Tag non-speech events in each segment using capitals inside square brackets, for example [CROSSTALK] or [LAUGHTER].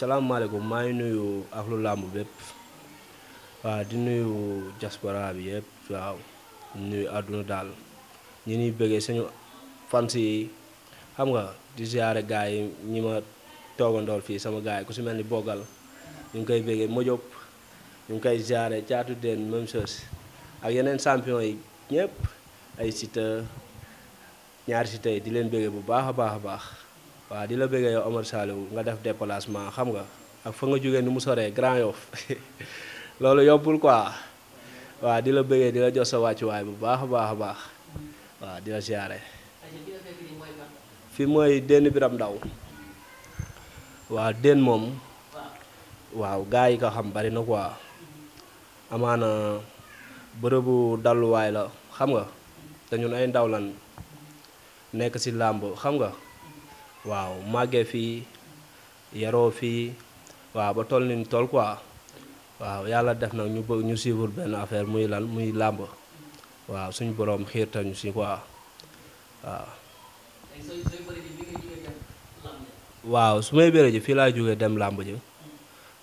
salaamaaleykum maa ngi nuyu axlu làmb bépp waaw di nuyu diaspora bi yëpp waaw nuyu àdduna daal ñu nuy bëggee suñu fans yi xam nga di ziare gars yi ñi ma toogandool fii sama gars yi ku si mel ni boggal ñu ngi koy bëggee mojop ñu ngi koy ziare caatu den même chose ak yeneen sampion yi ñëpp ay Siteu ñaari Siteu yi di leen bëggee bu baax a baax a baax waaw di la bëggee yow Omar nga def déplacement xam nga ak fa nga jógee ni mu soree Grand Yoff [LAUGHS] loolu yombul quoi waaw di la bëggee di la jox sa wàccuwaay bu baax a baax a baax waaw di la siyaare fi mooy dénn birab ndaw waaw dénn moom waaw gars yi ko xam bari na quoi amaana bërëbu dalluwaay la xam nga te ñun ay ndaw lan nekk ci làmb xam nga waaw màggee fii yaroo fii waaw ba toll niñ toll waaw yàlla def nag ñu bëgg ñu suivre benn affaire muy lan muy làmb waaw suñ boroom xiirtañu si quoi waaw. su may béré ji fii laa jógee dem làmb ji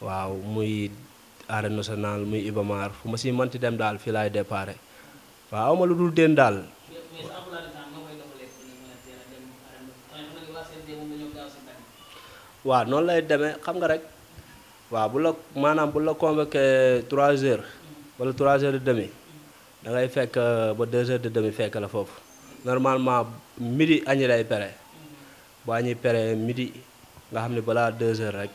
waaw muy arène nationale muy Ibamar fu ma si mënti dem daal fii laay déparé waaw awma dul déen daal. waaw noonu lay demee xam nga rek waaw bu la maanaam bu la convoqué trois heures wala trois heures et demi da fekk euh, ba deux heures de demi fekk la foofu normalement midi añi lay pere boo añi pere midi nga xam ne balaa deux heures rek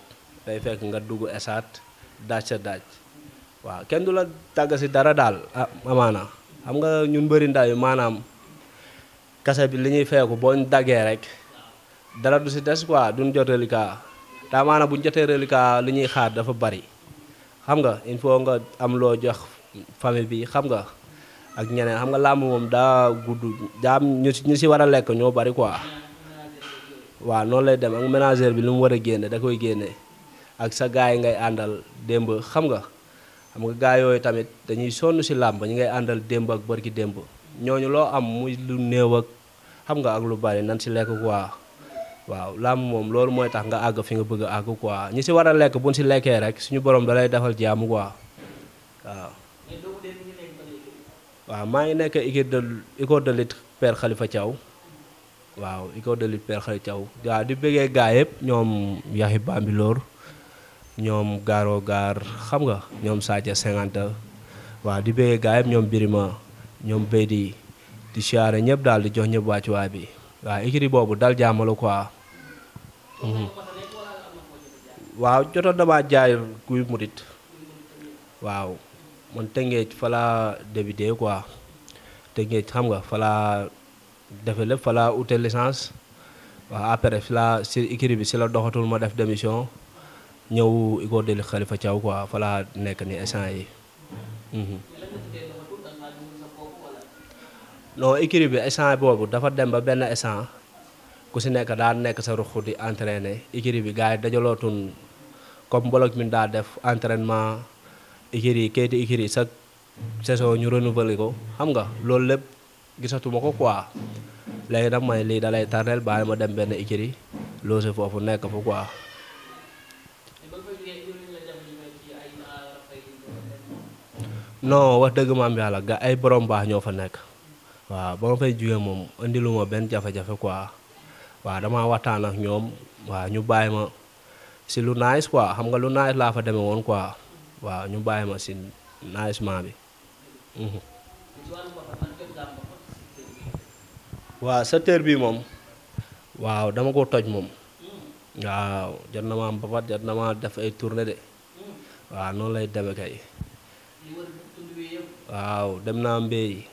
day fekk nga dugg esaat daaj sa daaj waaw kenn du la tàgg si dara daal ah amaana xam nga ñun bëri ndaw maanaam kase bi li ñuy feeku boo ñu daggee rek dara du si des quoi duñ jot reliquat daa maanaam buñ jotee reliquat li ñuy xaar dafa bari xam nga il faut nga am loo jox famille bi xam nga ak ñeneen xam nga làmb moom daa gudd daa am ñu si ñu si war a lekk ñoo bari quoi waaw noonu lay dem ak ménagère bi lu mu war a génne da koy génne ak sa gars yi ngay àndal démb xam nga xam nga gars yooyu tamit dañuy sonn si làmb ñi ngay àndal démb ak bërki démb ñooñu loo am muy lu néew ak xam nga ak lu bari nan si lekk koi waaw làmb moom loolu mooy tax nga àgg fi nga bëgg a àgg ñi si war a lekk buñ si lekkee rek suñu borom da lay defal jaamu quoi waaw. waaw maa ngi nekk équipe de école de lutte Père Khalifa waaw école de lutte Père di bëggee gaa yëpp ñoom Yaxi Bambilor ñoom Garo Gar xam nga ñoom Sadio 50 waaw di bëggee gaa yëpp ñoom Birima ñoom Bédi di siyaare ñëpp daal di jox ñëpp wàccuwaay bi. waaw écurie boobu dal jàmm la quoi. Mm-hmm. waaw joto damaa jaay guy murit waaw man Tëngéej fa laa débuté quoi Tëngéej xam nga fa defe lépp fa laa ute licence waaw après fi laa si écurie bi si la doxatul ma def démission ñëw i ko deli Xalifa Thiaw quoi fa nekk ni instant yi mm-hmm. non écurie bi instant boobu dafa dem ba benn instant ku si nekk daan nekk sa ruq di entraîner écurie bi gars yi dajalootuñ comme mbolog mi daa def entraînement écurie yi kayiti écurie yi chaque saison ñu renouveler ko xam nga loolu lépp gisatuma ko quoi léegi nag may lii dalay tardeel bàyyi ma dem benn écurie loosi foofu nekk fa quoi. non wax dëgg maam yàlla ga ay borom baax ñoo fa nekk. waaw ba ma fay jugee moom indiluma benn jafe-jafe quoi waaw damaa waxtaan ak ñoom waaw ñu bàyyi ma si lu nice quoi xam nga lu nice laa fa deme woon quoi waaw ñu bàyyi ma si nicement bi. Mhm. waaw secteur bii moom waaw dama ko toj moom waaw jot na ma mbapat jot na ma def ay tournée de waaw noonu lay demee kay waaw dem naa mbéy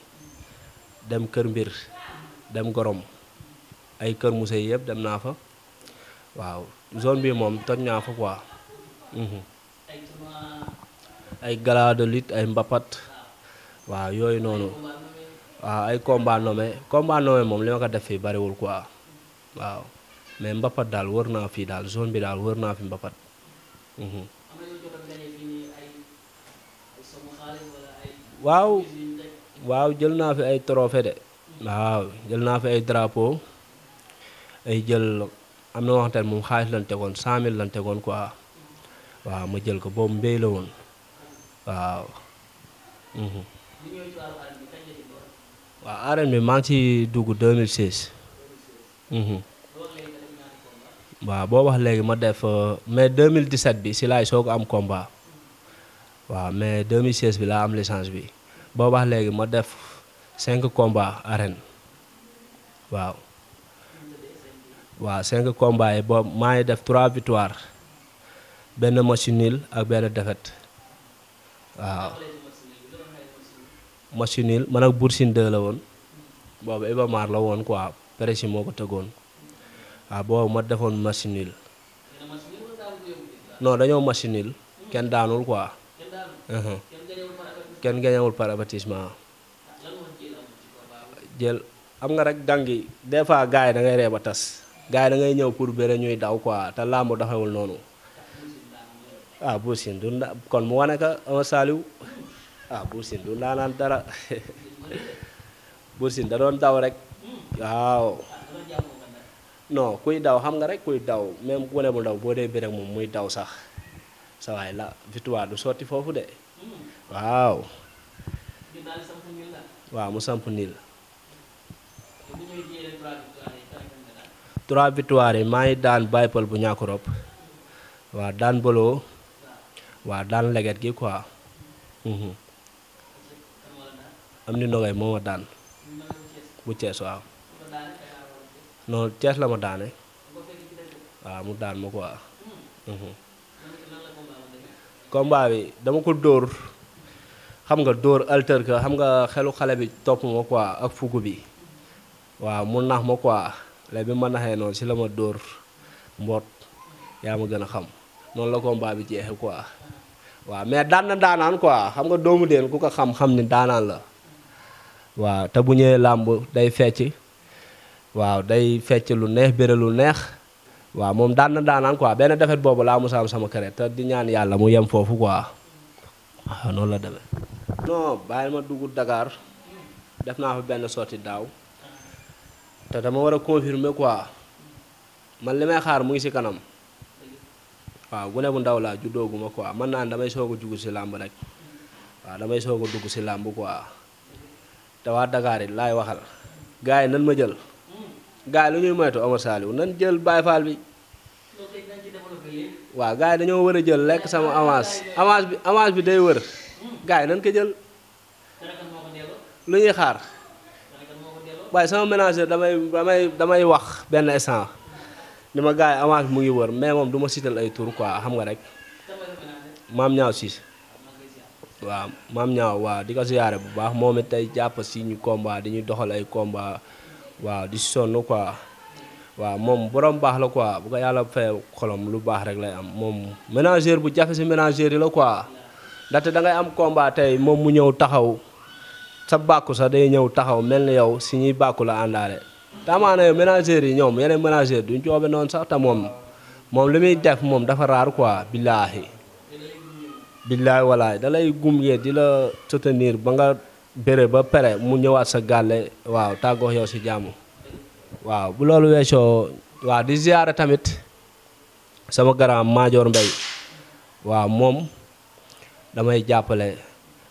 dem kër mbir dem gorom ay kër muse yëpp dem naa fa waaw zone bi moom toj naa fa quoi. Mhm. ay gala de lutte ay mbapat waaw yooyu noonu waaw ay combat nommé combat nommé moom li ma ko def fii bariwul quoi waaw mais mbapat daal wër naa fii daal zone bi daal wër naa fi mbappat mhm. waaw. waaw jël naa fi ay trophée de waaw jël naa fi ay drapeau ay jël am na waxtaan moom xaalis lan tegoon cent mille lan tegoon quoi waaw ma jël ko boobu mbéy la woon waaw. Mhm. waaw bi maa ngi ci dugg 2016. Mhm. waaw boo wax léegi ma def euh, mais 2017 bi si laay soog am combat waaw mais 2016 bi laa am licence bi. ba léegi ma def cinq combats arène waaw waaw cinq combats yi boobu maa ngi def trois victoire benn match nul ak benn défaite waaw match nul man ak Bour Sine la woon boobu Iba Mar la woon quoi Prési moo ko tëggoon waaw boobu ma defoon match nul non dañoo match nul kenn daanul quoi uh-huh. kenn gañewul par avertissement ah. jël xam nga rek dangi des fois gars yi da ngay ree ba tas gars yi ngay ñëw pour bëre ñuy daw quoi te doxewul noonu ah Bour kon mu wane ka ama saaliw ah Bour Sine du ndaanaan dara [LAUGHS] Bour Sine da daw rek waaw non kuy daw xam nga rek kuy daw même wane mu daw boo dee bëre moom muy daw sax sa la victoire du sotti foofu de waaw waaw mu samp niil trois victoire yi maa ngi daan baypal bu ñàkk rob waaw daan boloo waaw daan leget gi quoi mhm. am ni ndogay moo ma daan bu Cees waaw non Cees la ma daane waaw mu daan ma quoi mhm. combat bi dama ko dóor xam nga dóor alter ka xam nga xelu xale bi topp ma quoi ak fugu bi waaw mu nax ma quoi léegi bi ma naxee noonu si la ma dóor mboot yaa ma gën a xam noonu la combat bi jeexee quoi waaw mais daan na daanaan quoi xam doomu deen ku ko xam-xam daanaan la waaw te bu ñëwee làmb day fecc waaw day fecc lu neex bëre lu neex waaw moom daan na daanaan quoi benn defet boobu laa musaam sama kër te di ñaan yàlla mu yem foofu quoi. waaw ah, noonu la demee. non bàyyil ma dugg dagaar def naa fa benn sotti daaw te dama war a confirmer quoi man li may xaar mu ngi si kanam waaw gune bu ndaw laa juddooguma quoi man naan damay soog a dugg ci làmb rek waaw damay soog a dugg ci làmb quoi te waa Dakar laay waxal gars yi nan ma jël gars yi lu ñuy moytu Omar nan jël Baye Fall bi. waa gars yi dañoo war a jël lekk sama avance avance bi avance bi day wër gars yi nañ ko jël lu ñuy xaar waaye sama ménager damay damay damay wax benn instant ni ma gars yi avance bi mu ngi wër mais moom du ma sital ay tur quoi xam nga rek maam ñaaw siis waaw maam ñaaw waa di ko siyaare bu baax moom it tey jàpp si ñu combat di ñu doxal ay komba waaw di sonn quoi waaw moom borom baax la quoi bu ko yàlla fay xolom lu baax rek lay am moom manager bu jafe si manager yi la quoi ndaxte da ngay am combat tey moom mu ñëw taxaw sa bàkku sa day ñëw taxaw mel ni yow si ñuy bàkku la àndaale. taamaana yow manager yi ñoom yeneen manager duñ coobe noonu sax te moom moom li muy def moom dafa raar quoi billaahi billaahi walaay da lay gungee di la soutenir ba nga bére ba pare mu ñëwaat sa gàlle waaw tàggoo yow si jàmm. waaw bu loolu weesoo waaw di ziyaara tamit sama garaam Maajoor Mbay waaw moom damay jàppale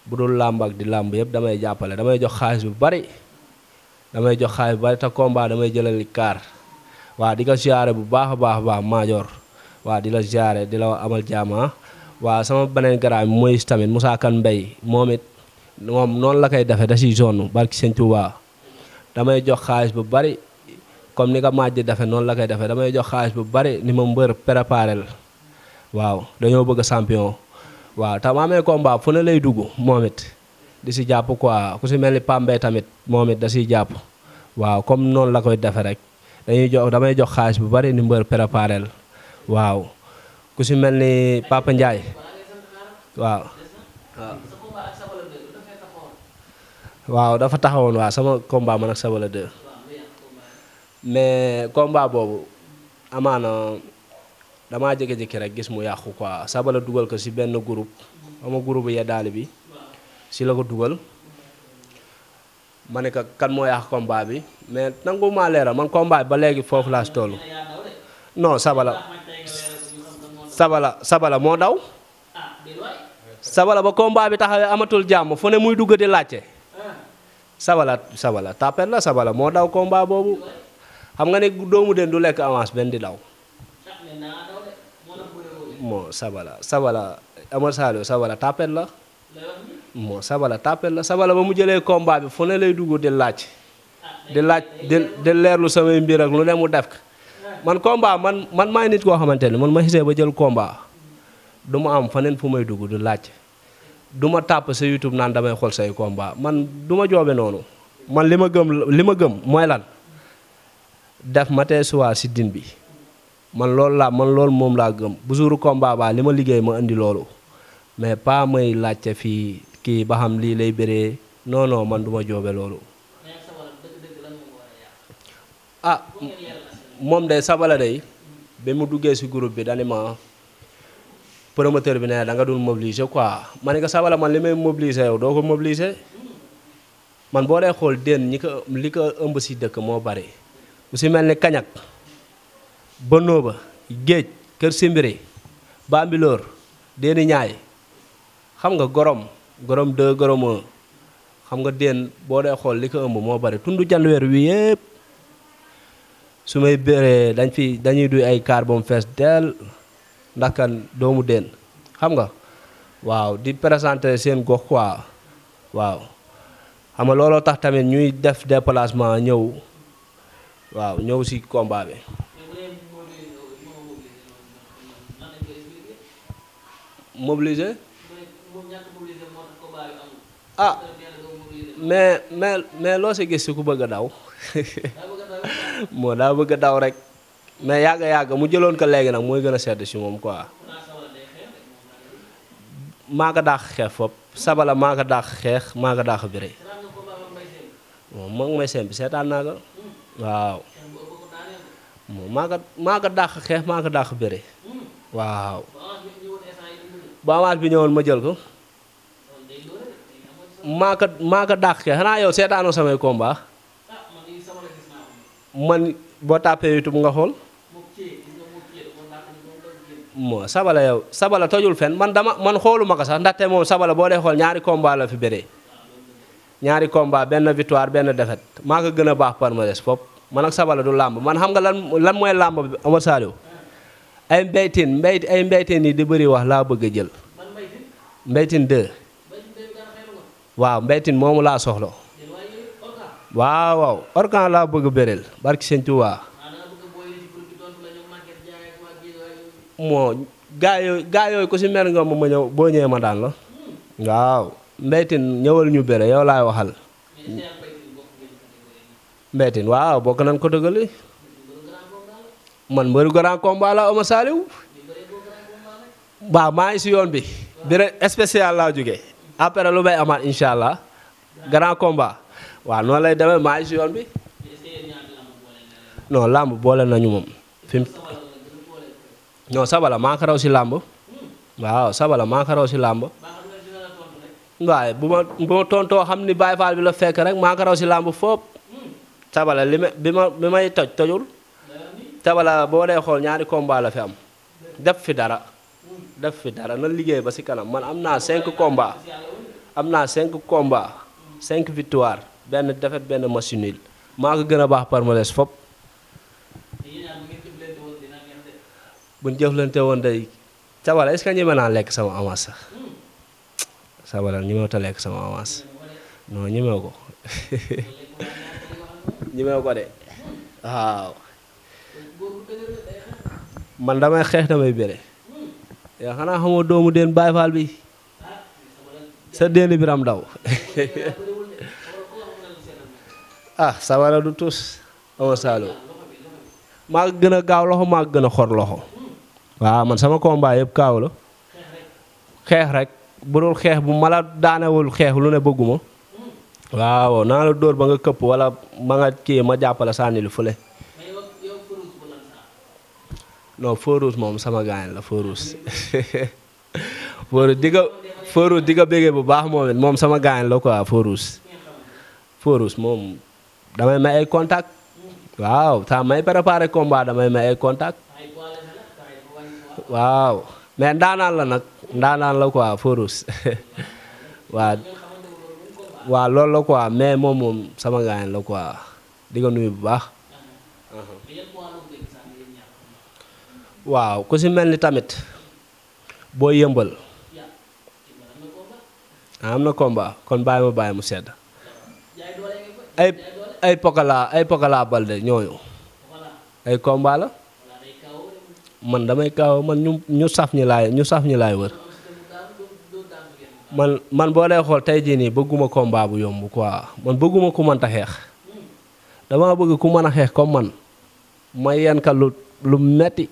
bu dul làmb ak di làmb yëpp damay jàppale damay jox xaalis bu bari damay jox xaalis bu bari te combat damay jëlali kaar waaw di ko ziyaare bu baax a baax a baax Maajoor waa di la ziyaare di la amal jaama ah. waa sama beneen garaam mooy tamit Moussa Kane Mbay moom it moom noonu la koy defe da ciy zone barki Sëñ Tuubaa damay jox xaalis bu bari comme ni ko maaj di defe noonu la koy defee damay jox xaalis bu bari ni ma mbër préparé la waaw dañoo bëgg champion waaw te ma amee fu ne lay dugg moomit di si jàpp quoi ku si mel ni Pambay tamit moom it da siy jàpp waaw comme noonu la koy defee rek dañuy jox damay jox xaalis bu bari ni mbër préparé la waaw ku si mel ni Papa njaay waaw dafa taxawoon waa sama combat man ak Sabala 2 mais combat boobu amaana damaa jékki-jékki rek gis mu yàqu quoi sabala dugal ko si benn groupe ama groupe ya daali bi si la ko dugal ma ne kan moo yàq combat bi mais nangu maa leeral man combat bi ba léegi foofu laa si toll non sabala sabala sabala moo daw sabala ba combat bi taxawee amatul jàmm fu ne muy dugg di laajte sabala sabala tapet la sabala moo daw combat boobu xam nga ne doomu den du lekk avance benn di daw. moo sabala sabala Amar Saliou sabala tapet la. moo sabala tapet la sabala ba mu jëlee combat bi fu ne lay dugg di laaj. di laaj di di leerlu samay mbir ak lu ne mu def ko man combat man man maay nit koo xamante ni man ma xisee ba jël combat du ma am faneen fu may dugg di laaj. du ma tàpp sa YouTube naan damay xool say combat man du ma joobe noonu. man li ma gëm li ma gëm mooy lan. def matin soir si bi man loolu laa man loolu moom laa gëm bu jouru combat li ma liggéey ma indi loolu mais pas may laajte fii kii ba xam lii lay bëree non man duma ma joobe loolu. ah moom day sabala day bi mu duggee si groupe bi dani ma promoteur bi ne da nga dul mobiliser quoi ma ne ko sabala man li may mobiliser yow doo ko mobiliser man boo dee xool dénn ñi ko li ko ëmb si dëkk moo bari bu si mel ni kañak banóoba géej kër simbiri bambilóor déeni ñaay xam nga gorom gorom deux gorom xam nga déen boo dee xool li ko ëmb moo bare tund janweer wi yëpp su may béree dañ fi dañuy duy ay kaar ba mu fees dell ndax kan doomu déen xam nga waaw di présenter seen gox quoi waaw xam nga looloo tax tamit ñuy def déplacement ñëw waaw ñëw si combat bi. mobiliser. ah mais mais loo si gis si ku bëgg a daw. [LAUGHS] moo daa bëgg a daw rek. mais yàgg yàgg mu jëloon ko léegi nag mooy gën a sedd si moom quoi. maa ko dàq xeex foofu sabala maa ko dàq xeex maa ko daax bëre. moom moo ngi may sembi seetaan naa ko. waaw maa ko maa ko dàq xeex maa ko dàq bëre waaw bu bi ñëwoon ma jël ko maa ko maa ko dàq xeex xanaa yow seetaanoo samay combat man boo tàppee bu nga xool moo sabala yow sabala tojul fen man dama man xooluma ko sax ndaxte moom sabala boo dee xool ñaari combat la fi bëree ñaari combat benn victoire benn défaite maa ko gën a baax palmarès fop man ak sabala du làmb man xam nga lan lan mooy làmb bi Omar Saliou ay mbeytin mbey ay mbeytin yi di bëri wax laa bëgg a jël mbeytin 2 waaw mbeytin moomu laa soxla waaw organ laa bëgg bëreel barki sëñ Tuubaa moo gaa yooyu gaa yooyu ku si mer nga ma ma ñëw boo ma daan la waaw mbeytin ñëwal ñu bëre yow laay waxal mbeetin waaw bokk nañ ko dëggali man mbëri grand combat la Oumar Saliou maa ngi si yoon bi bire spécial laa jógee après lu may amaat incha allah grand combat waaw noonu lay demee maa ngi yoon bi non làmb boole nañu moom fi mu non sabala maa ko raw si làmb waaw sabala maa ko raw si làmb waaye bu ma tontoo xam ni Baye Fall bi la fekk rek maa ko raw si làmb foofu tabala li ma bi ma bi may toj tojul tabala boo dee xool ñaari komba la fi am def fi dara def fi dara na liggéey ba si kanam man am naa cinq komba am naa cinq combat cinq victoire benn défaite benn match nul maa ko gën a baax palmarès fop bu jëflante woon day sabala est-ce ñeme naa lekk sama avance sax sabala ñemewut lekk sama avance non ñemewu ko [LAUGHS] ñemewu ko de waaw man damay xeex damay bëre yaa xanaa xamoo doomu den Baay Faal bi sa dénd biram ndaw [LAUGHS] ah sabara du tus ama saalo maa gën a gaaw loxo maa gën a xor loxo waaw man sama combat yëpp kaaw xeex rek bu dul xeex bu mala daanewul xeex lu ne bëgguma waaw naa la dóor ba nga këpp wala ma nga kii ma jàppale sànni lu fële. non Forouz moom sama gaañ la Forouz [LAUGHS] Forouz di nga Forouz bu baax moom moom sama gaañ ko quoi Forouz Forouz moom damay ma ay contact waaw saa may préparé combat damay may ay contact waaw mais ndaanaan la nag ndaanaan la ko Forouz [LAUGHS] waaw. waaw loolu la quoi mais moom moom sama gaañ la quoi di ko nuyu bu baax. waaw ku si mel ni tamit boo yëmbal. Ah, am na combat kon bàyyi ma bàyyi mu sedd. ay ay pokala ay pokala balde ñooñu. ay combat la. man damay kaaw man ñu ñu saf ñi laay ñu saf ñi laay wër. man man boo lay xool tey jii nii bëgguma combat bu yomb quoi man bëgguma ku mënta xeex dama bëgg ku mën a xeex comme man ma yen ka lu lu metti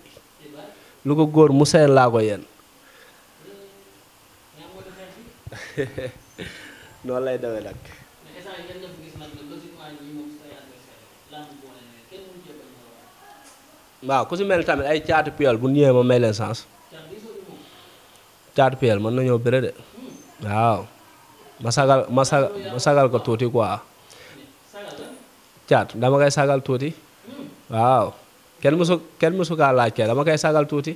lu ko góor mu seen laa ko yen [LAUGHS] noonu lay demee nag waaw ku si mel tamit ay caatu piyal bu ñëwee ma may sens caatu piyal mën nañoo bëre de waaw ma sagal ma sagal ma ko tuuti quoi caat dama koy sagal tuuti waaw kenn mësu kenn mësu kaa laaj kee dama koy sagal tuuti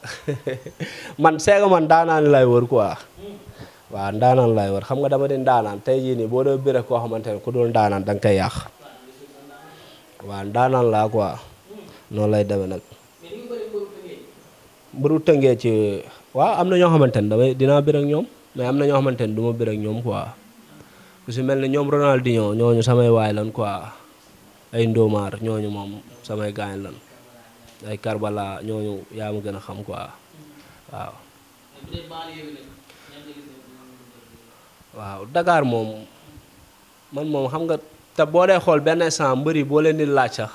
[LAUGHS] man seega man daanaan lay wër quoi waaw ndaanaan lay wër xam nga dama di ndaanaan tey jii nii boo doo béré koo xamante ne ku dul ndaanaan da nga koy yàq waaw laa quoi noonu lay demee nag mburu tëngee waaw am na ñoo xamante ne damay dinaa bir ak ñoom mais am na ñoo xamante ne du ma ak ñoom quoi ku si mel ne ñoom Ronaldinho ñooñu samay waay lan quoi ay Ndomar ñooñu moom samay gaañ lan ay Karbala ñooñu yaa ma gën a xam quoi waaw. waaw Dakar moom man moom xam nga te boo dee xool benn instant mbër yi boo leen di laaj sax.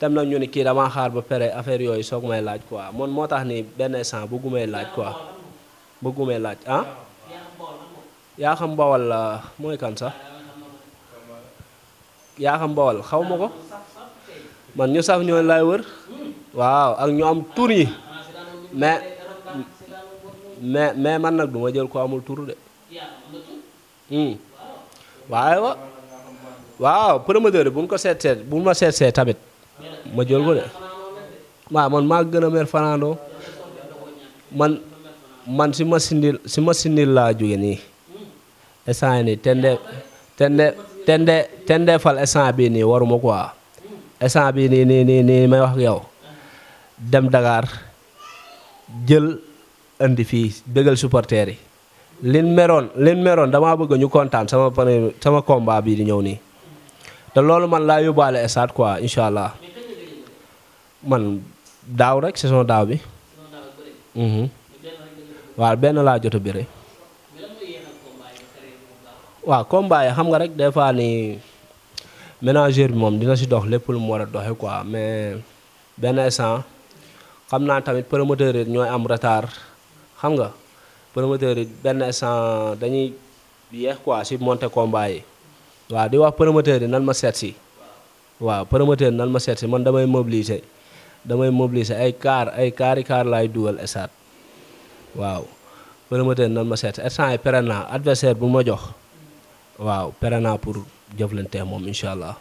dem na ñu ni kii damaa xaar ba pare affaire yooyu soog may laaj quoi man moo tax ni benn instant bëggumay laaj quoi bëggumay laaj ah. yaa xam bawal ah, mooy kan sax yaa xam bawal xaw ma ko man ñu saf ñoo lay wër waaw ak ñu am tur yi mais mais mais man nag du jël ko amul tur de. Hmm. waaye wa waaw promoteur bu ñu ko seet seet bu ma seet seet tamit. ma jël ko de waaw man maa gën a mer Fernando man man si ma sindil si ma sindil laa jóge nii instant nii tende tende tende tende fal instant bii nii waruma quoi instant bii nii nii nii nii may wax ak yow dem Dakar jël indi fii bégal supporters yi lin meroon lin meroon damaa bëgg ñu kontaan sama sama combat bii di ñëw nii te loolu man laa yóbbaale stade quoi incha allah man daaw rek saison daaw bi. Mhm. waaw benn laa jot a bëre. waaw combat yi xam nga rek des fois ni manager bi moom dina si dox lépp lu mu war a doxe quoi mais benn instant xam naa tamit promoteur yi ñooy am retard xam nga promoteur yi benn instant dañuy yéex quoi si monter combat yi. waaw di wax promoteur yi nan ma seet si waaw promoteur nan ma seet man damay mobiliser damay mobiliser ay kaar ay kaari laay dugal stade waaw promoteur nan ma seet si instant yi pare naa adversaire bu ma jox waaw pare naa pour jëflante moom incha allah.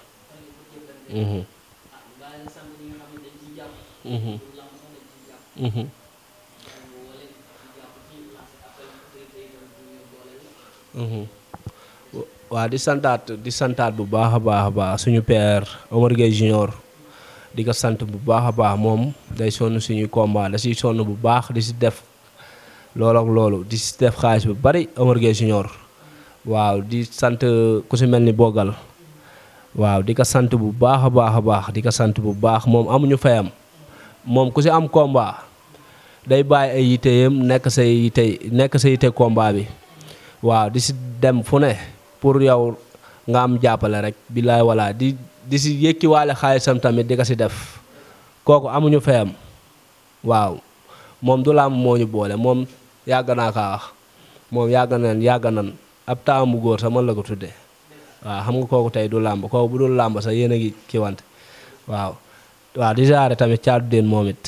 Mm-hmm. waaw di santaat di santaat bu baax a baax a baax suñu père Omar Gueye junior di ko sant bu baax a baax moom day sonn suñuy komba da siy sonn bu baax di si def loolook loolu di si def xaalis bu bari Omar Gueye junior waaw di sant ku si mel ni Bogal waaw di ko sant bu baax a baax a baax di ko sant bu baax moom amuñu fayam moom ku si am komba day bàyyi ay yiteyam nekk say yite nekk sa yite komba bi waaw di si dem fu ne. pour yow nga am jàppale rek billaay wala di di si yëkkiwaale xaalisam tamit di ko si def kooku amuñu fayam waaw moom du làmb moo ñu boole moom yàgg naa kaa moom yàgg nañ yàgg nañ ab taamu góor sax man la ko tuddee waaw xam nga kooku tey du làmb kooku bu dul làmb sax yéen a ngi kiwante waaw waaw di jaare tamit caadu den moom it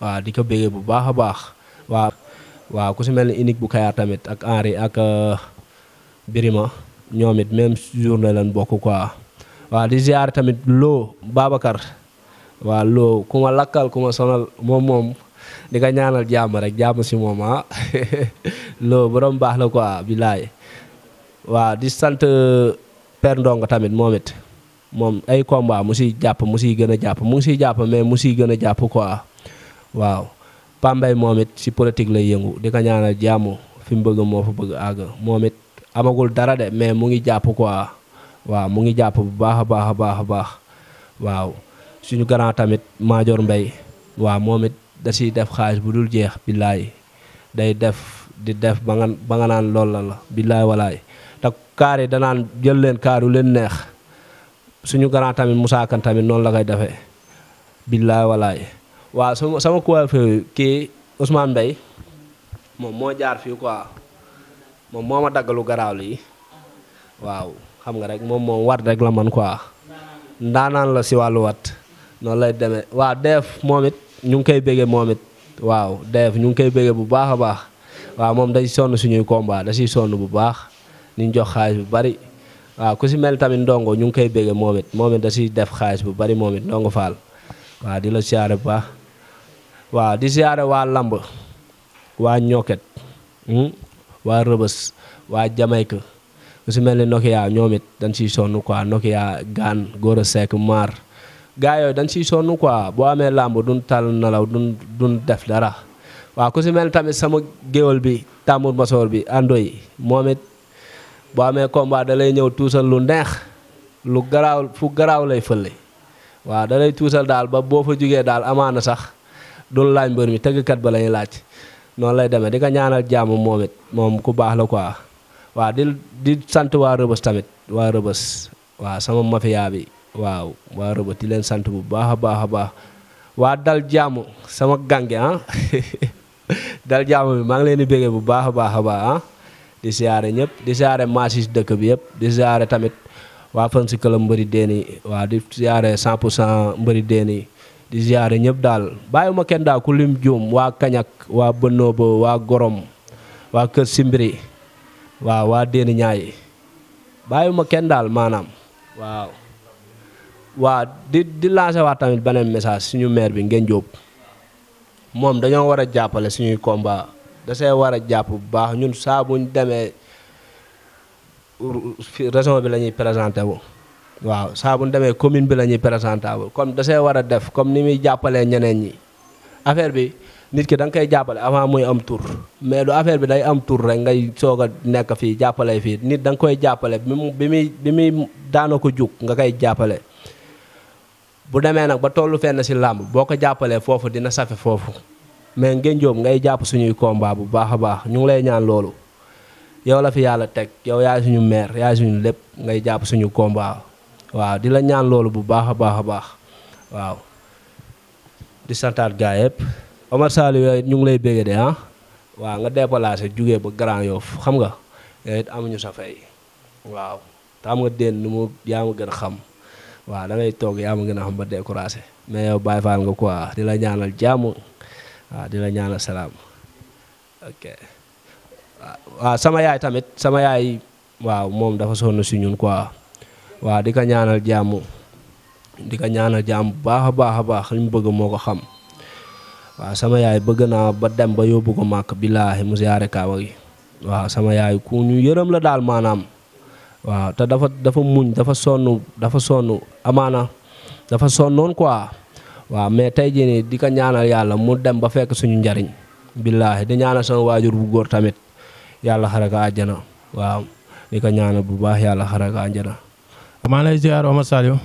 waaw di ko bégee bu baax a baax waaw waaw ku si mel ni unique bu kayaar tamit ak Henri ak euh, Birima ñoom it même journée lan bokk quoi waaw di ziar tamit loo Babacar waaw loo ku ma lakkal ku ma sonal moom moom di ka ñaanal jàmm rek jàmm si moom ah [LAUGHS] loo borom baax la quoi bilaay waaw di sant euh, Père Ndong tamit moom it moom ay combat mu siy jàpp mu siy gën a jàpp mu si jàpp mais mu siy gën a jàpp quoi waaw Pambay moom it si politique lay yëngu di ka ñaanal jàmm fi mu bëgg moo fa bëgg àgg moom amagul dara de mais mu ngi jàpp quoi waaw mu ngi jàpp bu baax a baax a baax a baax waaw suñu grand tamit Madior Mbaye waaw moom it da siy def xaalis bu dul jeex billaay day def di def ba nga ba nga naan lool la la billaay walaay te kaar yi danaan jël leen kaaru leen neex suñu grand tamit Moussa tamit noonu la koy defee billaay walaay waaw sama sama coiffeur kii Ousmane Mbaye moom moo jaar fii quoi. moom moo a daggalu garaaw lii waaw xam nga rek moom moom war rek la man quoi ndaanaan la si wàllu wat noonu lay deme waa def moom it ñu ngi koy béggee moom it waaw def ñu ngi koy béggee bu baax a baax waaw moom day sonn suñuy kombaa da siy sonn bu baax ñu jox xaalis bu bari waaw ku si mel tamit ndongo ñu ngi koy béggee moom it moom da siy def xaalis bu bari moom it ndongo faal waaw di la siyaare bu baax waaw di siyaare waa lamb waa ñokket hmm? waa Rëbës waa Jamaïque lu si mel ni Nokia ñoom it dañ siy sonn quoi Nokia gaan góor a seek maar gaa dañ siy sonn quoi boo amee làmb duñ tal nelaw duñ duñ def dara waa ku si mel tamit sama géwal bi Tamour Masoor bi àndo yi moom it boo amee combat da lay ñëw tuusal lu neex lu garaaw fu garaaw lay fële waaw da tuusal daal ba boo fa jógee daal amaana sax duñ laaj mbër mi tëggkat ba lañuy laaj noonu lay demee di ko ñaanal jàmm moom it moom ku baax la quoi waa di di sant waa Rëbës tamit waa Rëbës waaw sama mafia bi waaw waa Rëbës di leen sant bu baax a baax a baax waa dal jàmm sama gànge ah [LAUGHS] dal jàmm bi maa ngi leen di béggee bu baax a baax a baax ah di siyaare ñëpp di siyaare maasis dëkk bi yëpp di siyaare tamit waa fan si këlam mbëri déen yi waaw di siyaare 100 pour cent mbëri déen di ziare ñëpp daal ma kenn daal ku lim juum waa kañak waa bënnoobo waa gorom waa kër simbiri waa waa déeni bàyyi ma kenn daal maanaam waaw waa di di lancé waa tamit beneen message suñu maire bi ngeen jóob moom dañoo war a jàppale suñuy komba da war a jàpp bu baax ñun saa buñ demee région bi la ñuy présenté wu waaw saa bu demee commune bi la ñuy présentable comme da see war a def comme ni muy jàppalee ñeneen ñi affaire bi nit ki da nga koy jàppale avant muy am tur mais du affaire bi day am tur rek ngay soog a nekk fii jàppale fii nit danga koy jàppale bi mu bi muy bi muy daana ko jug nga koy jàppale bu demee nag ba tollu fenn si làmb boo ko jàppalee foofu dina safe foofu mais ngeen jóob ngay jàpp suñuy combat bu baax a baax ñu ngi lay ñaan loolu yow la fi yàlla teg yow yaay suñu maire yaay suñu lépp ngay jàpp suñu combat waaw di la ñaan loolu bu baax a baax a baax waaw di santaat gaa yëpp Omar Sall yooyu ñu ngi lay bégge de ah waaw nga déplacé jugee ba Grand Yoff xam nga it amuñu sa fay waaw te am nga dénn nu mu yaa ma gën a xam waaw dangay toog yaa ma gën a xam ba découragé mais yow bàyyi faal nga quoi di la ñaanal jàmm waaw di la ñaanal salaam ok waaw sama yaay tamit sama yaay waaw moom dafa sonn si ñun quoi waaw di ka ñaanal jàmm di ko ñaanal jàmm bu baax a baax a baax li bëgg moo ko xam waaw sama yaay bëgg naa ba dem ba yóbbu ko màkk billaahi mu siyaare kaaba gi waaw sama yaay ku ñu yërëm la daal maanaam waaw te dafa dafa muñ dafa sonn dafa sonn amaana dafa sonnoon quoi waaw mais tey jii nii di ka ñaanal yàlla mu dem ba fekk suñu njariñ billaahi di ñaanal sama waajur bu góor tamit yàlla xare ko àjjana waaw di ko ñaanal bu baax yàlla xare ko àjjana maa lay ziar Omar Saliou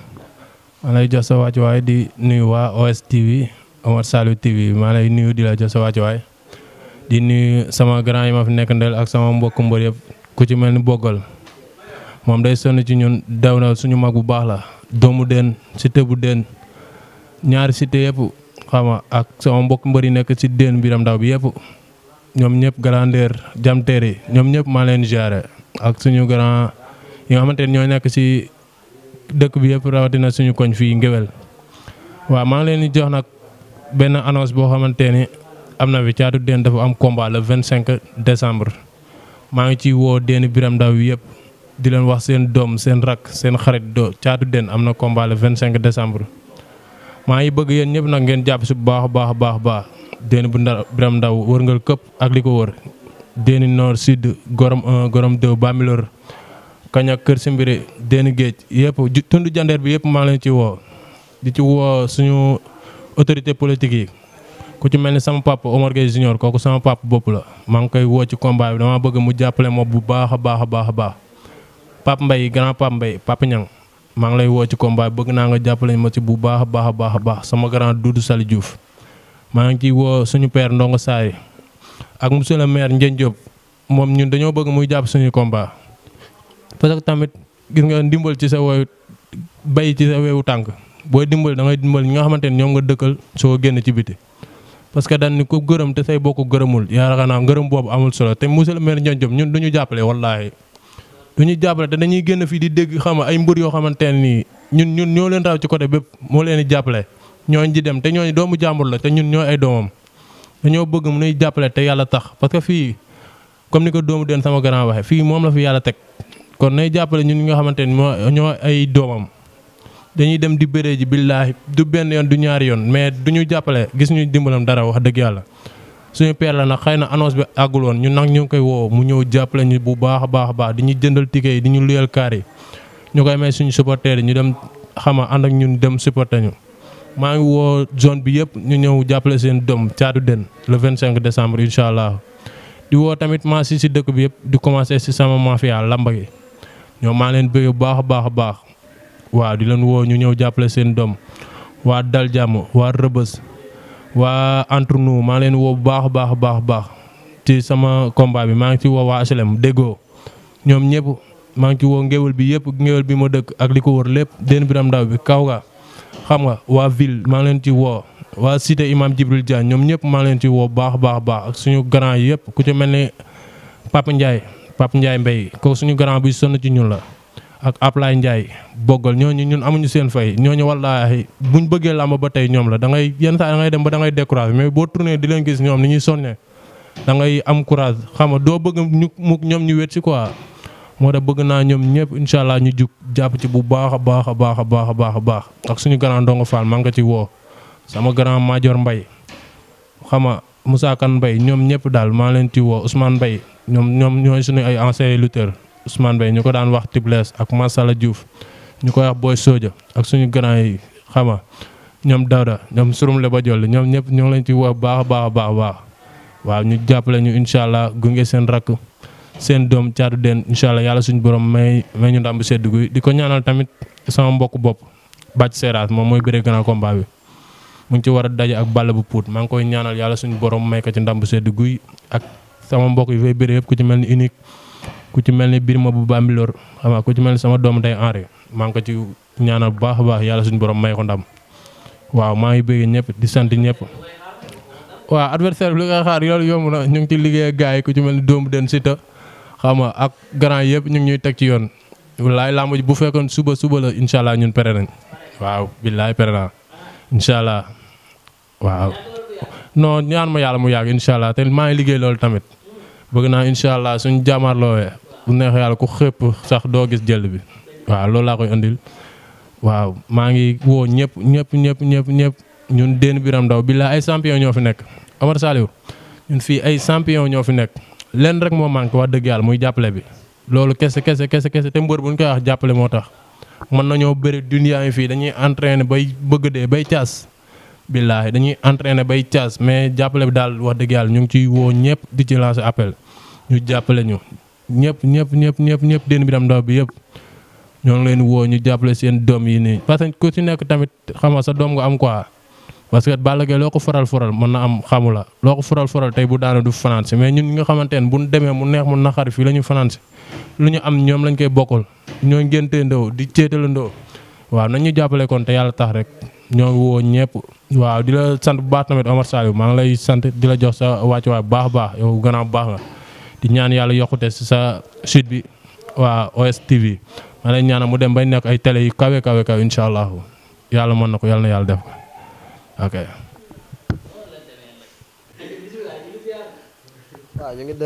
maa lay jox sa wàccuwaay di nuyu waa OSTV Omar Saliou TV maa lay nuyu di la jox sa waay di nuyu sama grand yi ma fi nekk ndel ak sama mbokku mbër yëpp ci mel ni boggal moom day sonn ci ñun daw na suñu mag baax la doomu den cité bu den ñaari cité yëpp ak sama mbokk mbër yi nekk ci den biram ndaw bi yëpp ñoom ñëpp grandeur jam teere ñoom ñëpp maa leen ziare ak suñu grand yi nga xamante ne nekk ci dëkk bi yëpp rawatina suñu koñ fii ngéwél waaw maa ngi leen di jox nag benn annonce boo xamante ni am na fi Thiatou Déne dafa am combat le vingt cinq décembre maa ngi ciy woo Déne Biram Ndaw yëpp di leen wax seen doom seen rakk seen xarit do Thiatou Déne am na combat le cinq décembre maa ngi bëgg yéen ñëpp nag ngeen jàpp si bu baax baax baax baax Déne bu ndaw Biram Ndaw wërngal këpp ak li ko wër Déne nord sud gorom 1 gorom 2 Bambilor Kañak Kër Simbiri Déni Géej yëpp tund jandeer bi yëpp maa ngi leen ci woo di ci woo suñu autorité politique yi ku ci mel ni sama papa Omar Gueye junior kooku sama papa bopp la maa ngi koy woo ci combat bi dama bëgg mu jàppale moom bu baax a baax a baax a baax Pape Mbaye grand Pape Mbaye Pape maa ngi lay woo ci combat bëgg naa nga jàppale ma ci bu baax baax a baax a baax sama grand Doudou Sali Diouf maa ngi ciy woo suñu père Ndongo saay ak monsieur le maire Ndiène moom ñun dañoo bëgg muy jàpp suñu combat. parce que tamit gis nga ndimbal ci sa woyu bay ci sa wewu tànk booy dimbal da ngay dimbal ñi nga xamante ne ñoom nga dëkkal soo génn ci biti. parce que dan ni ko gërëm te say bokk gërëmul yaakaar naa gërëm boobu amul solo te monsieur le maire Ndiol ñun du ñu jàppale wallaahi. du ñu jàppale te dañuy génn fii di dégg xam ay mbër yoo xamante ne nii ñun ñun ñoo leen raw ci côté bépp moo leen di jàppale ñooñu di dem te ñooñu doomu jàmbur la te ñun ñooy ay doomam ñoo bëgg mu nuy jàppale te yàlla tax parce que fii comme ni ko doomu den sama grand waxe fii moom la fi yàlla teg kon nay jàppale ñun ñi nga xamante ni moo ñoo ay doomam dañuy dem di bëree ji billaahi du benn yoon du ñaari yoon mais du ñu jàppale gis ñu dimbalam dara wax dëgg yàlla suñu père la nag xëy na annonce bi àggul woon ñun nag ñu ngi koy woo mu ñëw jàppale ñu bu baax a baax a baax di ñu jëndal ticket yi di ñu luyal kaar yi ñu koy may suñu supporter yi ñu dem xama ànd ak ñun dem supporter ñu. maa ngi woo zone bi yëpp ñu ñëw jàppale seen doom caatu den le 25 décembre incha allah di woo tamit maa si si dëkk bi yëpp di commencé si sama mafia lamba gi ñoom maa leen bëgg bu baax a baax a baax waaw di leen woo ñu ñëw jàppale seen doom waa dal jàmm waa rëbës waa entre maa leen woo bu baax a baax a baax baax ci sama combat bi maa ngi ci woo waa HLM déggoo ñoom ñëpp maa ngi ci woo ngéwél bi yëpp ngéwél bi ma dëkk ak li ko wër lépp den biram ndaw bi kaw nga xam nga waa ville maa leen ci woo waa cité imam Jibril Diagne ñoom ñëpp maa leen ci woo baax baax baax ak suñu grand yëpp ku ci mel ni Papa Ndiaye Pape Ndiaye Mbaye ko suñu grand bi sonn ci ñun la ak Ablaye Ndiaye boggal ñooñu ñun amuñu seen fay ñooñu wallaahi buñ bëggee làmb ba tey ñoom la da ngay yenn saa da dem ba da ngay découragé mais boo tourné di leen gis ñoom ni ñuy sonné da ngay am courage xam nga doo bëgg ñu mu ñoom ñu wét si quoi. moo tax bëgg naa ñoom ñëpp incha allah ñu jug jàpp ci bu baax a baax a baax a baax a baax ak suñu grand Ndongo Fall maa ngi ko ci woo sama grand majoor mbay xam Moussa Kane Mbaye ñoom ñëpp daal maa leen ci woo Ousmane Mbaye ñoom ñoom ñooy suñu ay anciens lutteurs Ousmane Mbaye ñu ko daan wax Tibles ak Massala Diouf ñu koy wax Boy Soja ak suñu grand yi xama ñoom Dawda ñoom Surum le ba jolli ñoom ñëpp ñoo ngi leen ci woo baax a baax a waaw ñu jàppale ñu incha allah gunge seen rakk seen doom caatu den incha allah yàlla suñu borom may may ñu ndam bu sedd guy di ko ñaanal tamit sama mbokk bopp bàcc seeraas moom mooy bëre grand combat bi. mu ngi ci war a daje ak Balla bu Pout maa ngi koy ñaanal yàlla suñu borom may ko ci ndam bu sedd guy ak sama mbokk yi fay bëre yëpp ku ci mel ni unique ku ci mel ni Birima bu Bambilor xam nga ku ci mel ni sama doom day Henri maa ko ci ñaanal bu baax a baax yàlla suñu borom may ko ndam waaw maa ngi bëgg ñëpp di sant ñëpp. waa adversaire bi li nga xaar yoolu yomb na ñu ngi ci liggéey gars yi ku ci mel ni doomu den sita xam nga ak grand yëpp ñu ngi ñuy teg ci yoon. bilaay làmb ji bu fekkoon suba suba la allah ñun pere nañ waaw bilaay pere naa incha allah waaw no ñaan ma yàlla mu yàgg incha allah te maa ngi liggéey loolu tamit bëgg naa incha allah suñu jaamaarloowee bu neex yàlla ku xëpp sax doo gis jël bi waaw loolu laa koy indil waaw maa ngi woo ñëpp ñëpp ñëpp ñëpp ñëpp ñun Déne Biram Ndao billaa ay champion ñoo fi nekk Omar Saliou ñun fii ay champion ñoo fi nekk lenn rek moo manqué wax dëgg yàlla muy jàppale bi loolu kese kese kese kese te mbër bu ñu koy wax jàppale moo tax mën nañoo bëri duniyaa ngi fii dañuy entraîné bay bëgg dee bay caas billaahi dañuy entraîné bay caas mais jàppale bi daal wax dëgg yàlla ñu ngi ciy woo ñëpp di ci lancer appel ñu jàppale ñu ñëpp ñëpp ñëpp ñëpp ñëpp déen bi dam ndaw bi yëpp ñoo ngi leen woo ñu jàppale seen doom yi nii parce que ku ci nekk tamit xam nga sa doom nga am quoi parce que Balla Gaye loo ko faral foral mën na am xamu la loo ko faral faral tey bu daana du fanaan mais ñun ñi nga xamante ne bu ñu demee mu neex mu naqari fii la ñu fanaan lu ñu am ñoom lañ koy bokkal ñoo ngéntee ndoo di céetale ndoo waaw nañ ñu jàppale kon yàlla tax rek ñoo ngi woo ñëpp waaw di la sant bu baax tamit Omar Saliou maa ngi lay sant di la jox sa wàccuwaay bu baax baax yow gannaaw bu baax nga di ñaan yàlla yokkute si sa suite bi waa OSTV maa lay ñaanal mu dem bay nekk ay télé yu kawe kawe kawe incha allah yàlla mën na ko yàlla yàlla def ko ok. waaw ñu ngi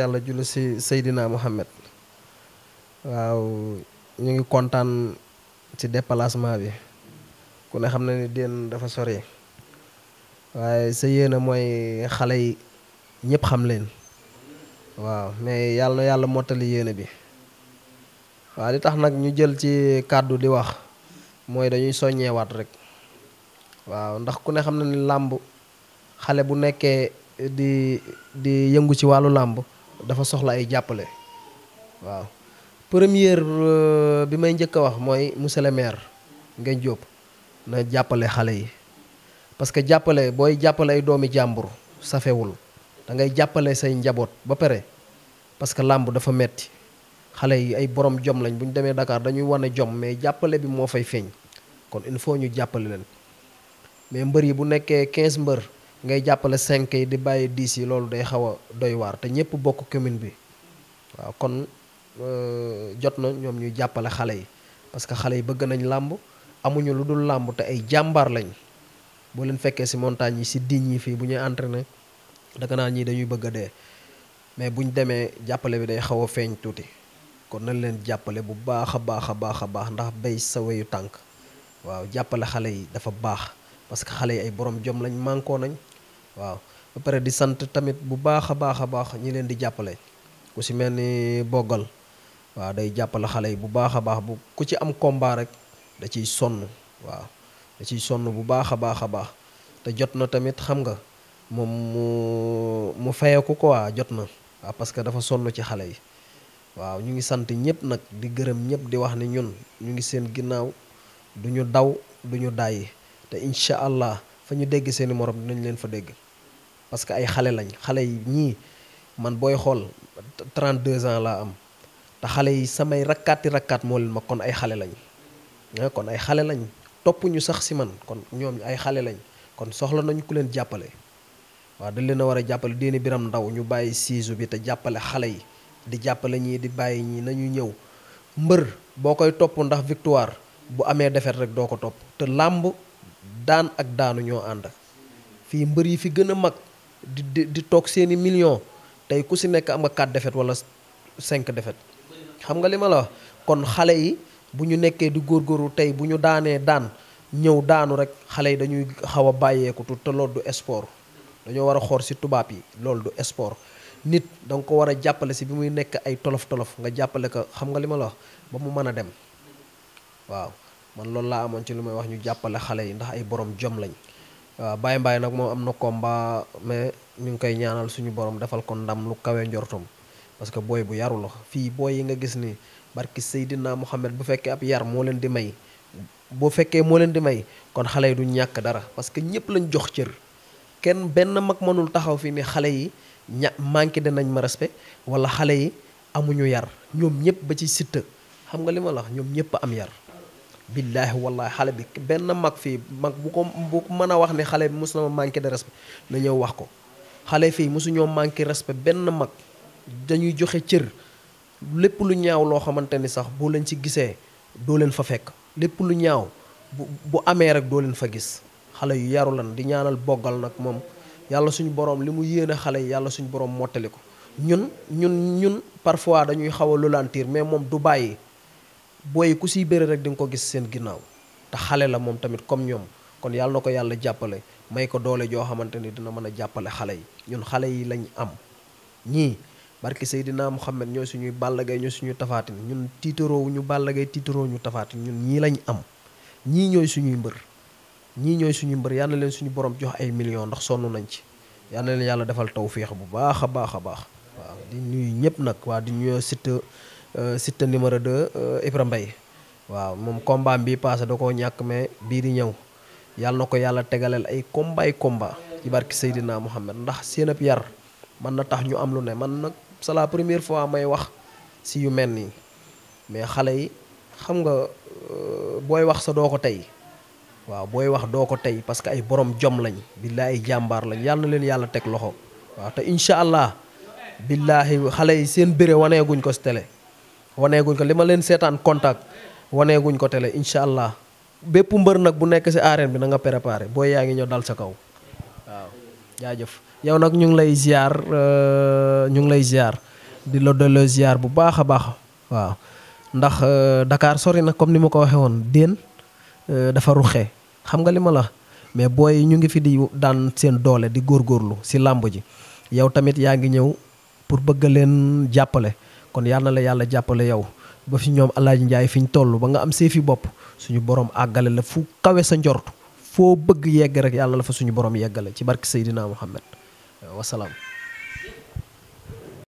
yàlla julli si Seydina Mohamed waaw ñu ngi kontaan. ci déplacement bi ku ne xam na ni déen dafa sori waaye sa yéene mooy xale yi ñëpp xam leen waaw mais yàlla na yàlla mottali yéene bi waaw li tax nag ñu jël ci kàddu di wax mooy dañuy soññeewaat rek waaw ndax ku ne xam na ni làmb xale bu nekkee di di yëngu ci wàllu làmb dafa soxla ay jàppale waaw première euh, bi may njëkk a wax mooy monsieur le maire Ngagne Diop na jàppale xale yi parce que jàppale booy jàppale ay doomi jàmbur safewul da ngay jàppale say njaboot ba pare parce que làmb dafa metti xale yi ay borom jom lañ bu ñu demee Dakar dañuy wane jom mais jàppale bi moo fay feeñ kon il faut ñu jàppale leen mais mbër yi bu nekkee 15 mbër ngay jàppale 5 yi di bàyyi 10 yi loolu day xaw a doy waar te ñëpp bokk commune bi waaw kon. Euh, jot na ñoom ñuy jàppale xale yi parce que xale yi bëgg nañ làmb amuñu lu dul làmb te ay jàmbaar lañ boo leen fekkee si montagne yi si diñ yi fii bu ñuy entraîné danga naa ñii dañuy bëgg a dee mais buñ demee jàppale bi day xaw a feeñ tuuti kon nañ leen jàppale bu baax a baax a baax a baax ndax bay sa weyu tànk waaw jàppale xale yi dafa baax parce que xale yi ay borom jom lañ mànkoo nañ waaw ba pare di sant tamit bu baax a baax a baax ñi leen di jàppale ku si mel ni boggal waaw day jàppale xale yi bu baax a baax bu ku ci am combat rek da ciy sonn waaw da ciy sonn bu baax a baax a baax te jot na tamit xam nga moom mu mu fayeku waa jot na waaw parce que dafa sonn ci xale yi waaw ñu ngi sant ñëpp nag di gërëm ñëpp di wax ni ñun ñu ngi seen ginnaaw du ñu daw du ñu dàyyi te incha allah fa ñu dégg seeni morom dinañ leen fa dégg parce que ay xale lañ xale yi ñii man booy xool trent 32 ans laa am te xale yi samay rakkaati rakkaat moo leen ma kon ay xale lañu eh, kon ay xale lañ topp ñu sax si man kon ñoom ay xale lañ kon soxla nañu ku leen jàppale waaw dañ leen a war a jàppale déeni biram ndaw ñu bàyyi siisu bi te jàppale xale yi di jàppale ñii di bàyyi ñii nañu ñëw mbër boo koy topp ndax victoire bu amee defet rek doo ko topp te làmb daan ak daanu ñoo ànd fii mbër yi fi gën a mag di di toog seeni million tey ku si nekk am nga 4 defet wala 5 defet xam nga li ma la wax kon xale yi bu ñu nekkee di góorgóorlu tey bu ñu daanee daan ñëw daanu rek xale yi dañuy xaw a bàyyeeku tut te loolu du sport dañoo war a xool si tubaab yi loolu du sport nit da ko war a jàppale si bi muy nekk ay tolof-tolof nga jàppale ko xam nga li ma la wax ba mu mën a dem waaw man loolu laa amoon ci lu may wax ñu jàppale xale yi ndax ay borom jom lañ waaw Baye Mbaye nag moom am na combat mais ñu ngi koy ñaanal suñu borom defal ko ndam lu kawe parce que booy bu yaru la fii booy yi nga gis ni barki Seydina Mohamed bu fekkee ab yar moo leen di may bu fekkee moo leen di may kon xale yi du ñàkk dara parce que ñëpp lañ jox cër kenn benn mag mënul taxaw fii ni xale yi ña manqué nañ ma respect wala xale yi amuñu yar ñoom ñëpp ba ci sitta xam nga li ma la wax ñoom ñëpp am yar billaahi wallaahi xale bi benn mag fii mag bu ko bu mën a wax ne xale bi mos na ma manqué de respect na ñëw wax ko xale fii mosuñoo manqué respect benn mag dañuy joxe cër lépp lu ñaaw loo xamante ni sax boo leen ci gisee doo leen fa fekk lépp lu ñaaw bu bu amee rek doo leen fa gis xale yu yaru lan di ñaanal boggal nag moom yàlla suñu borom li mu yéene xale yi yàlla suñu borom mottali ko ñun ñun ñun parfois dañuy xaw a lulantiir mais moom du bàyyi booy ku siy bëri rek di nga ko gis seen ginnaaw te xale la moom tamit comme ñoom kon yàlla na ko yàlla jàppale may ko doole joo xamante ni dina mën a jàppale xale yi ñun xale yi lañ am barki Seydina Mouhamed ñooy suñuy Balla Gaye ñooy suñuy Tapha Tine ñun tiitoroowu ñu Balla gay tiitaroo ñu Tapha Tine ñun ñii lañ am ñii ñooy suñuy mbër ñii ñooy suñuy mbër yal leen suñu borom jox ay millions ndax sonn nañ ci yal na yàlla defal tawféex bu baax a baax a baax waaw di nuyu ñëpp nag waa di nuyu Siteu euh, sitt numéro de euh, Ibra mbay waaw moom combat bi passé da koo ñàkk mais biir di ñëw yàlla na ko yàlla tegaleel ay combat ay combat ci barki Seydina Mouhamed na tax ñu am c'est la première fois may wax si yu mel nii mais xale yi xam nga euh, booy wax sa doo ko tey waaw booy wax doo ko tey parce que ay borom jom lañ billaahi jàmbaar lañ yàlla leen yàlla teg loxo waaw te incha allah billaahi xale yi seen béré waneeguñ ko si télé waneeguñ ko li ma leen seetaan contact waneeguñ ko télé incha allah bépp mbër nag bu nekk si arène bi na nga préparé booy yaa ngi ñëw dal sa kaw waaw jaajëf yow nag ñu ngi lay ziar euh, ñu ngi lay ziar di la delloo ziar bu baax a baax waaw ndax euh, dakaar sori na comme ni ma ko waxee woon déen euh, dafa ruxe xam nga li ma la mais booy ñu ngi fi di daan seen doole di góor góorlu si làmb ji yow tamit yaa ngi ñëw pour bëgg leen jàppale kon yal na la yàlla jàppale yow ba fi ñoom Alaaji Njaay fi ñu toll ba nga am seefi bopp suñu borom àggale la fu kawe sa njort foo bëgg yegg rek yàlla la fa suñu borom yeggale ci barke Seydina Muhammad wasalaam.